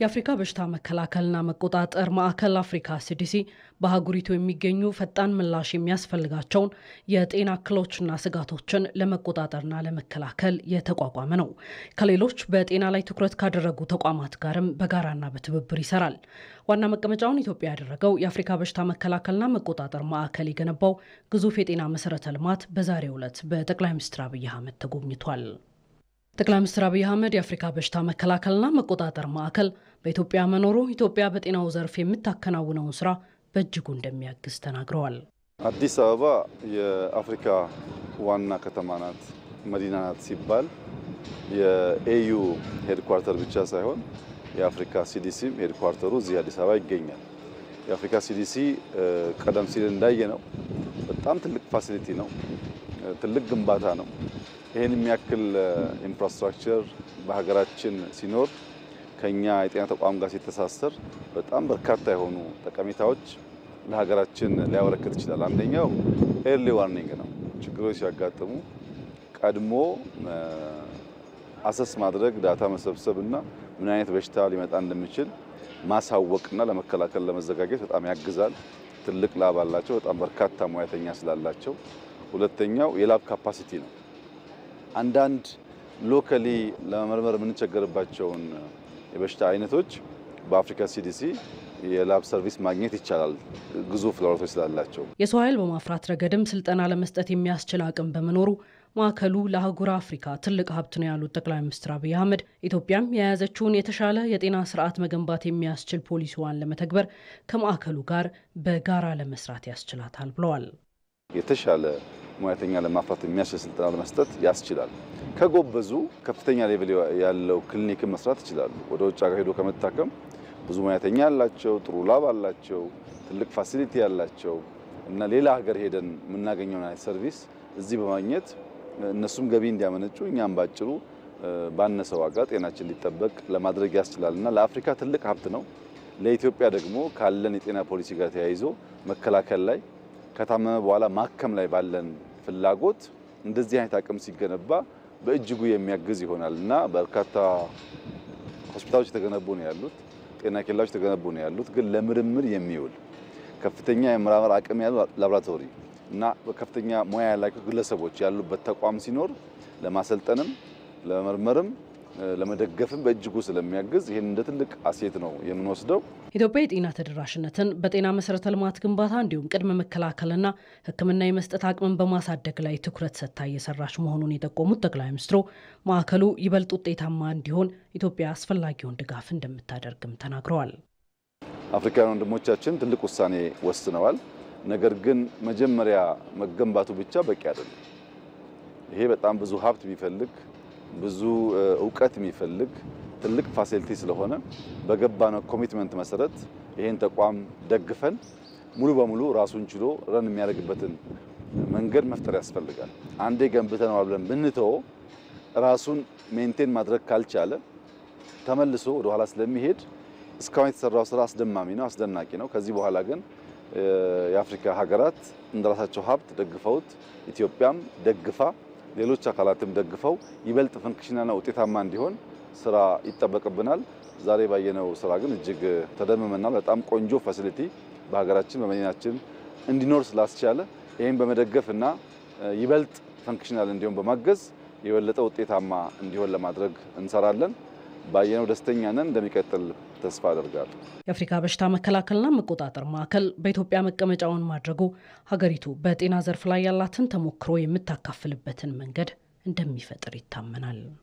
የአፍሪካ በሽታ መከላከልና መቆጣጠር ማዕከል አፍሪካ ሲዲሲ በአህጉሪቱ የሚገኙ ፈጣን ምላሽ የሚያስፈልጋቸውን የጤና እክሎችና ስጋቶችን ለመቆጣጠርና ለመከላከል የተቋቋመ ነው። ከሌሎች በጤና ላይ ትኩረት ካደረጉ ተቋማት ጋርም በጋራና በትብብር ይሰራል። ዋና መቀመጫውን ኢትዮጵያ ያደረገው የአፍሪካ በሽታ መከላከልና መቆጣጠር ማዕከል የገነባው ግዙፍ የጤና መሰረተ ልማት በዛሬው ዕለት በጠቅላይ ሚኒስትር አብይ አህመድ ተጎብኝቷል። ጠቅላይ ሚኒስትር አብይ አህመድ የአፍሪካ በሽታ መከላከልና መቆጣጠር ማዕከል በኢትዮጵያ መኖሩ ኢትዮጵያ በጤናው ዘርፍ የምታከናውነውን ስራ በእጅጉ እንደሚያግዝ ተናግረዋል። አዲስ አበባ የአፍሪካ ዋና ከተማ ናት፣ መዲና ናት ሲባል የኤዩ ሄድኳርተር ብቻ ሳይሆን የአፍሪካ ሲዲሲም ሄድኳርተሩ እዚህ አዲስ አበባ ይገኛል። የአፍሪካ ሲዲሲ ቀደም ሲል እንዳየ ነው በጣም ትልቅ ፋሲሊቲ ነው፣ ትልቅ ግንባታ ነው። ይህን የሚያክል ኢንፍራስትራክቸር በሀገራችን ሲኖር ከኛ የጤና ተቋም ጋር ሲተሳሰር በጣም በርካታ የሆኑ ጠቀሜታዎች ለሀገራችን ሊያበረክት ይችላል። አንደኛው ኤርሊ ዋርኒንግ ነው። ችግሮች ሲያጋጥሙ ቀድሞ አሰስ ማድረግ፣ ዳታ መሰብሰብ እና ምን አይነት በሽታ ሊመጣ እንደሚችል ማሳወቅና ለመከላከል ለመዘጋጀት በጣም ያግዛል። ትልቅ ላብ አላቸው። በጣም በርካታ ሙያተኛ ስላላቸው። ሁለተኛው የላብ ካፓሲቲ ነው። አንዳንድ ሎከሊ ለመመርመር የምንቸገርባቸውን የበሽታ አይነቶች በአፍሪካ ሲዲሲ የላብ ሰርቪስ ማግኘት ይቻላል። ግዙፍ ላቦራቶች ስላላቸው የሰው ኃይል በማፍራት ረገድም ስልጠና ለመስጠት የሚያስችል አቅም በመኖሩ ማዕከሉ ለአህጉር አፍሪካ ትልቅ ሀብት ነው ያሉት ጠቅላይ ሚኒስትር አብይ አህመድ ኢትዮጵያም የያዘችውን የተሻለ የጤና ስርዓት መገንባት የሚያስችል ፖሊሲዋን ለመተግበር ከማዕከሉ ጋር በጋራ ለመስራት ያስችላታል ብለዋል። የተሻለ ሙያተኛ ለማፍራት የሚያስችል ስልጠና ለመስጠት ያስችላል። ከጎበዙ ከፍተኛ ሌቭል ያለው ክሊኒክን መስራት ይችላሉ። ወደ ውጭ ሀገር ሄዶ ከመታከም ብዙ ሙያተኛ ያላቸው፣ ጥሩ ላብ አላቸው፣ ትልቅ ፋሲሊቲ ያላቸው እና ሌላ ሀገር ሄደን የምናገኘውን አይነት ሰርቪስ እዚህ በማግኘት እነሱም ገቢ እንዲያመነጩ እኛም ባጭሩ ባነሰ ዋጋ ጤናችን ሊጠበቅ ለማድረግ ያስችላል እና ለአፍሪካ ትልቅ ሀብት ነው። ለኢትዮጵያ ደግሞ ካለን የጤና ፖሊሲ ጋር ተያይዞ መከላከል ላይ ከታመመ በኋላ ማከም ላይ ባለን ፍላጎት እንደዚህ አይነት አቅም ሲገነባ በእጅጉ የሚያግዝ ይሆናል እና በርካታ ሆስፒታሎች የተገነቡ ነው ያሉት፣ ጤና ኬላዎች የተገነቡ ነው ያሉት። ግን ለምርምር የሚውል ከፍተኛ የምርምር አቅም ያሉ ላብራቶሪ እና ከፍተኛ ሙያ ያላቸው ግለሰቦች ያሉበት ተቋም ሲኖር ለማሰልጠንም ለመመርመርም ለመደገፍም በእጅጉ ስለሚያግዝ ይህን እንደ ትልቅ አሴት ነው የምንወስደው። ኢትዮጵያ የጤና ተደራሽነትን በጤና መሰረተ ልማት ግንባታ እንዲሁም ቅድመ መከላከልና ሕክምና የመስጠት አቅምን በማሳደግ ላይ ትኩረት ሰጥታ እየሰራች መሆኑን የጠቆሙት ጠቅላይ ሚኒስትሩ ማዕከሉ ይበልጥ ውጤታማ እንዲሆን ኢትዮጵያ አስፈላጊውን ድጋፍ እንደምታደርግም ተናግረዋል። አፍሪካውያን ወንድሞቻችን ትልቅ ውሳኔ ወስነዋል። ነገር ግን መጀመሪያ መገንባቱ ብቻ በቂ አይደለም። ይሄ በጣም ብዙ ሀብት ቢፈልግ። ብዙ እውቀት የሚፈልግ ትልቅ ፋሲሊቲ ስለሆነ በገባነው ኮሚትመንት መሰረት ይህን ተቋም ደግፈን ሙሉ በሙሉ ራሱን ችሎ ረን የሚያደርግበትን መንገድ መፍጠር ያስፈልጋል። አንዴ ገንብተነዋል ብለን ብንተወ ራሱን ሜንቴን ማድረግ ካልቻለ ተመልሶ ወደ ኋላ ስለሚሄድ እስካሁን የተሰራው ስራ አስደማሚ ነው፣ አስደናቂ ነው። ከዚህ በኋላ ግን የአፍሪካ ሀገራት እንደራሳቸው ሀብት ደግፈውት ኢትዮጵያም ደግፋ ሌሎች አካላትም ደግፈው ይበልጥ ፍንክሽናና ውጤታማ እንዲሆን ስራ ይጠበቅብናል። ዛሬ ባየነው ስራ ግን እጅግ ተደምመናል። በጣም ቆንጆ ፋሲሊቲ በሀገራችን በመዲናችን እንዲኖር ስላስቻለ ይህም በመደገፍ እና ይበልጥ ፈንክሽናል እንዲሆን በማገዝ የበለጠ ውጤታማ እንዲሆን ለማድረግ እንሰራለን። ባየነው ደስተኛ ነን። እንደሚቀጥል ተስፋ አደርጋለሁ። የአፍሪካ በሽታ መከላከልና መቆጣጠር ማዕከል በኢትዮጵያ መቀመጫውን ማድረጉ ሀገሪቱ በጤና ዘርፍ ላይ ያላትን ተሞክሮ የምታካፍልበትን መንገድ እንደሚፈጥር ይታመናል።